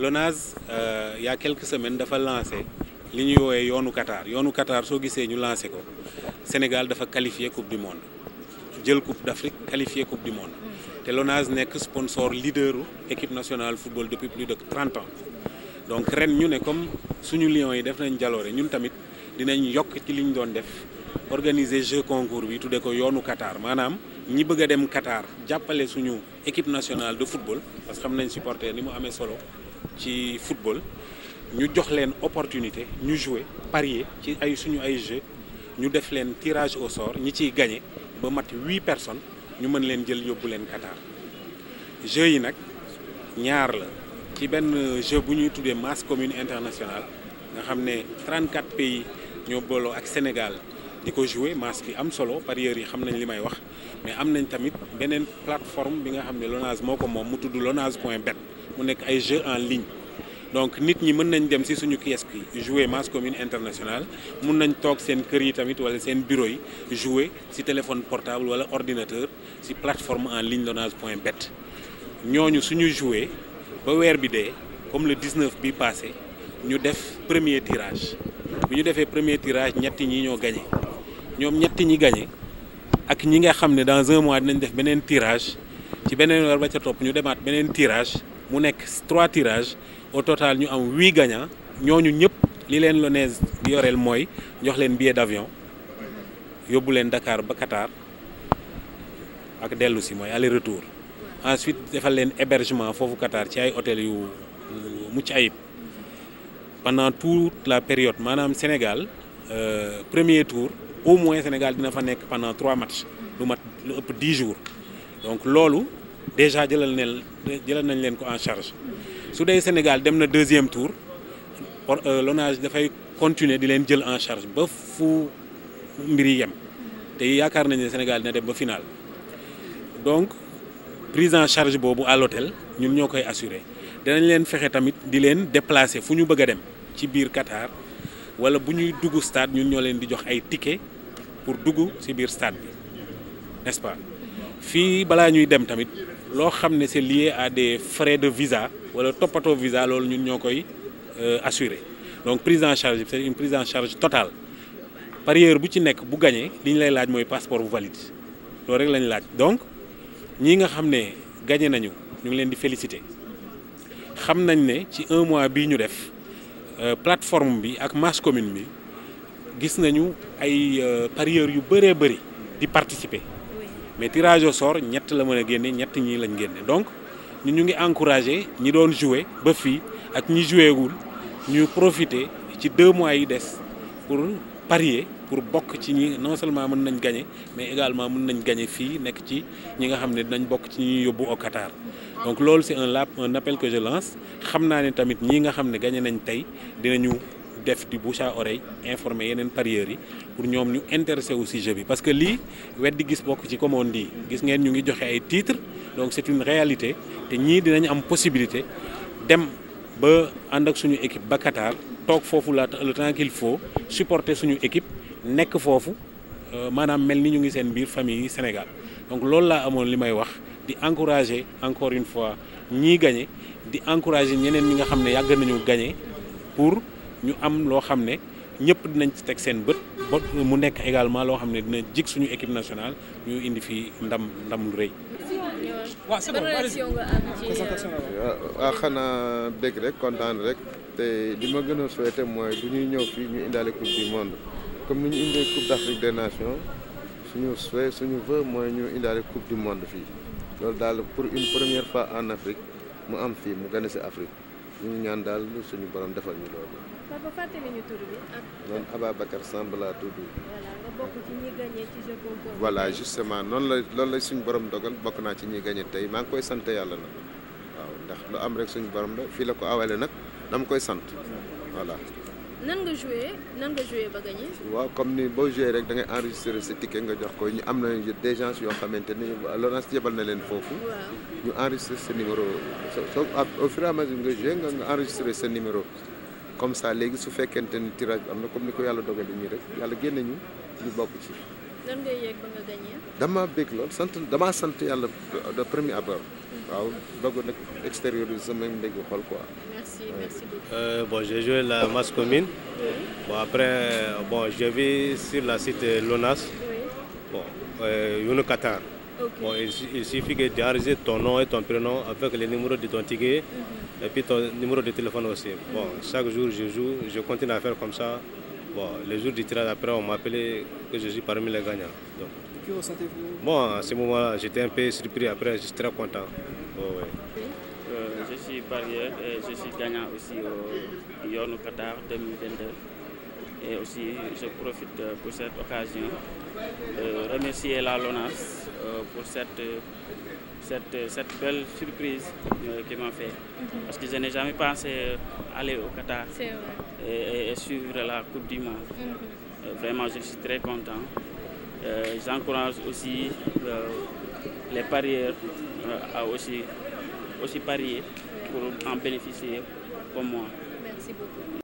l'ONAS euh, il y a quelques semaines dafa lancé li ñuy woowee yoonu Qatar yoonu Qatar soo gisee ñu lancé ko Sénégal dafa qualifier coupe du monde jël coupe d'Afrique qualifié coupe du monde te l'ONAS nekk sponsor leaderu équipe nationale football depuis plus de trente ans donc ren ñu ne comme suñu lions yi def nañ jaloore ñun tamit dinañ yokk ci li ñu doon def organiser jeu concours bi tuddee ko yoonu Qatar maanaam ñi bëgg dem Qatar jàppale suñu équipe nationale de football parce que xam nañ supporter ni mu amee solo. ci football ñu jox leen opportunité ñu joue parier ci ay suñu ay jeu ñu def leen tirage au sort ñi ciy gagné ba mat huit personnes ñu mën leen jël yóbbu leen Qatar jeu yi nag ñaar la ci benn jeu bu ñuy tuddee mass commune internationale nga xam ne 34 pays ñoo booloo ak Sénégal di ko jouer masse bi am solo parieur yi xam nañ li may wax mais am nañ tamit beneen plateforme bi nga xam ne lonage moo ko moom mu tudd lonage point bet mu nekk ay jeux en ligne donc nit ñi mën nañ dem si suñu kiosque yi jouer mass commune internationale mun nañ toog seen kër yi tamit wala seen bureau yi jouer si téléphone portable wala ordinateur si plateforme en ligne lonase.bet ñooñu suñu jouer ba weer bi dee comme le 19 bi passé ñu def premier tirage bi ñu defee premier tirage ñetti ñi ñoo gagné ñoom ñetti ñi gagné ak ñi nga xam ne dans un mois dinañ def beneen tirage ci beneen weer ba ca topp ñu demaat beneen tirage mu nekk trois tirages au total ñu am huit gagnants ñooñu ñëpp li leen Lonase di yoreel mooy jox leen billet d'avion yóbbu leen Dakar ba Qatar ak dellu si mooy aller retour ensuite defal leen hébergement foofu Qatar ci ay hôtel yu mucc ayib pendant toute la période maanaam Sénégal euh, premier tour au moins Sénégal dina fa nekk pendant trois matchs lu mat lu ëpp dix jours donc loolu déjà jëlal neel jëlal nañ leen ko en charge su dee Sénégal dem na deuxième tour euh, lonage dafay continuer di leen jël en charge ba fu mbir yem te yaakaar nañ ne Sénégal dina dem ba finaal donc prise en charge boobu à l'hôtel ñun ñoo koy assurer danañ leen fexe tamit di leen déplacer fu ñu bëgg a dem ci biir Qatar wala bu ñuy dugg stade ñun ñoo leen di jox ay ticket pour dugg ci biir stade bi n'est-ce fii balaa ñuy dem tamit loo xam ne c'est lié à des frais de visa wala toppatoo visa loolu ñun ñoo koy euh, assurer donc prise en charge c'est une prise totale parieur bu ci nekk bu gañee li ñu lay laaj mooy passeport bu valide loolu rek lañ laaj donc ñi nga xam ne gagné nañu ñu ngi leen di félicité xam nañ ne ci un mois bii ñu def euh, plateforme bi ak masse commune bi gis nañu ay euh, parieurs yu bëree bëri di participer. mais tirage au sort ñett la mën génne ñett ñii lañ génne donc ñun ñu ngi encouragé ñi doon jouer ba fii ak ñi joué wul ñu profiter ci deux mois yi des pour parier pour bokk ci ñi non seulement mën nañ gañe mais également mën nañ gañe fii nekk ci ñi nga xam ne dinañ bokk ci ñuy yóbbu au donc loolu c'est un un appel que je xam naa ne tamit ñi nga xam ne gagné nañ tey dinañu. def di bouche à oreille informer yeneen parieurs yi pour ñoom ñu intéressé wu si jeu bi parce que lii weddi gis bokk ci comme on dit gis ngeen ñu ngi joxe ay titres donc c'est une réalité te ñii dinañ am possibilité dem ba ànd ak suñu équipe ba Qatar toog foofu la le temps qu'il faut supporter suñu équipe nekk foofu euh, maanaam mel ni ñu ngi seen biir famille yi Sénégal donc loolu laa amoon li may wax di encourager encore une fois ñii gagné di encourager ñeneen ñi nga xam ne yàgg nañu gagné ñu am loo xam ne ñëpp dinañ ci teg seen bët ba mu nekk également loo xam ne dina jig suñu équipe nationale ñu indi fii ndam ndam lu rëy. waaw c'est bon euh, euh, xanaa bëgg rek kontaan rek te li ma gën a souhaité mooy du ñuy ñëw fii ñu indaale coupe du monde comme nu ñu indee coupe d'Afrique des suñu souhait suñu vœu mooy ñu indaale coupe du monde fii loolu daal pour une première fois en Afrique mu am fii mu gën a si Afrique. ñu ñaan daal suñu borom defal ñu loolu. papa fàttali ñu tur bi ak. man Ababacar Samb laa tudd. voilà nga noonu la loolu la suñu borom dogal bokk naa ci ñi gagné tey maa ngi koy sant yàlla nag waaw ndax lu am rek suñu borom la fii la ko awale nag dama koy sant voilà. nan nga joué nan nga joué ba gagné. waaw comme ni boo joué rek da ngay enregistré sa ticket nga jox ko ñu am na des yoo xamante ni Lonase yebal na leen foofu. ñu enregistré sa numéro so au fur et à mesure nga joué nga enregistré sa numéro. comme ça léegi su fekkente ni tirage bi am na comme ni ko yàlla dogalee nii rek yàlla génne ñu ñu bokk ci. lan ngay yëg ba nga gagné. dama mm-hmm. bëgg euh, la masse commune. bon après bon je vis sur la site Lonas. bon euh, Younou il suffit que d'enregistrer ton nom et ton prénom avec les numéros de ton ticket. Mm-hmm. et puis de téléphone aussi. chaque jour je joue je continue à faire comme ça. Bon, le jour du tirage, après, on m'a que je suis parmi les gagnants. Donc. Que ressentez-vous Bon, à ce moment-là, j'étais un peu surpris. Après, je suis très content. Oh, euh, je suis barrière et je suis gagnant aussi au Qatar Et aussi, je profite pour cette occasion de remercier la LONAS euh, pour cette cette, cette, belle surprise euh, qui m'a fait. Parce que je n'ai jamais pensé aller au Qatar. et, et, suivre la Coupe du Monde. Mhm. Vraiment, je suis très content. Euh, j'encourage aussi euh, les parieurs euh, à aussi, aussi parier pour en bénéficier comme moi. Merci beaucoup.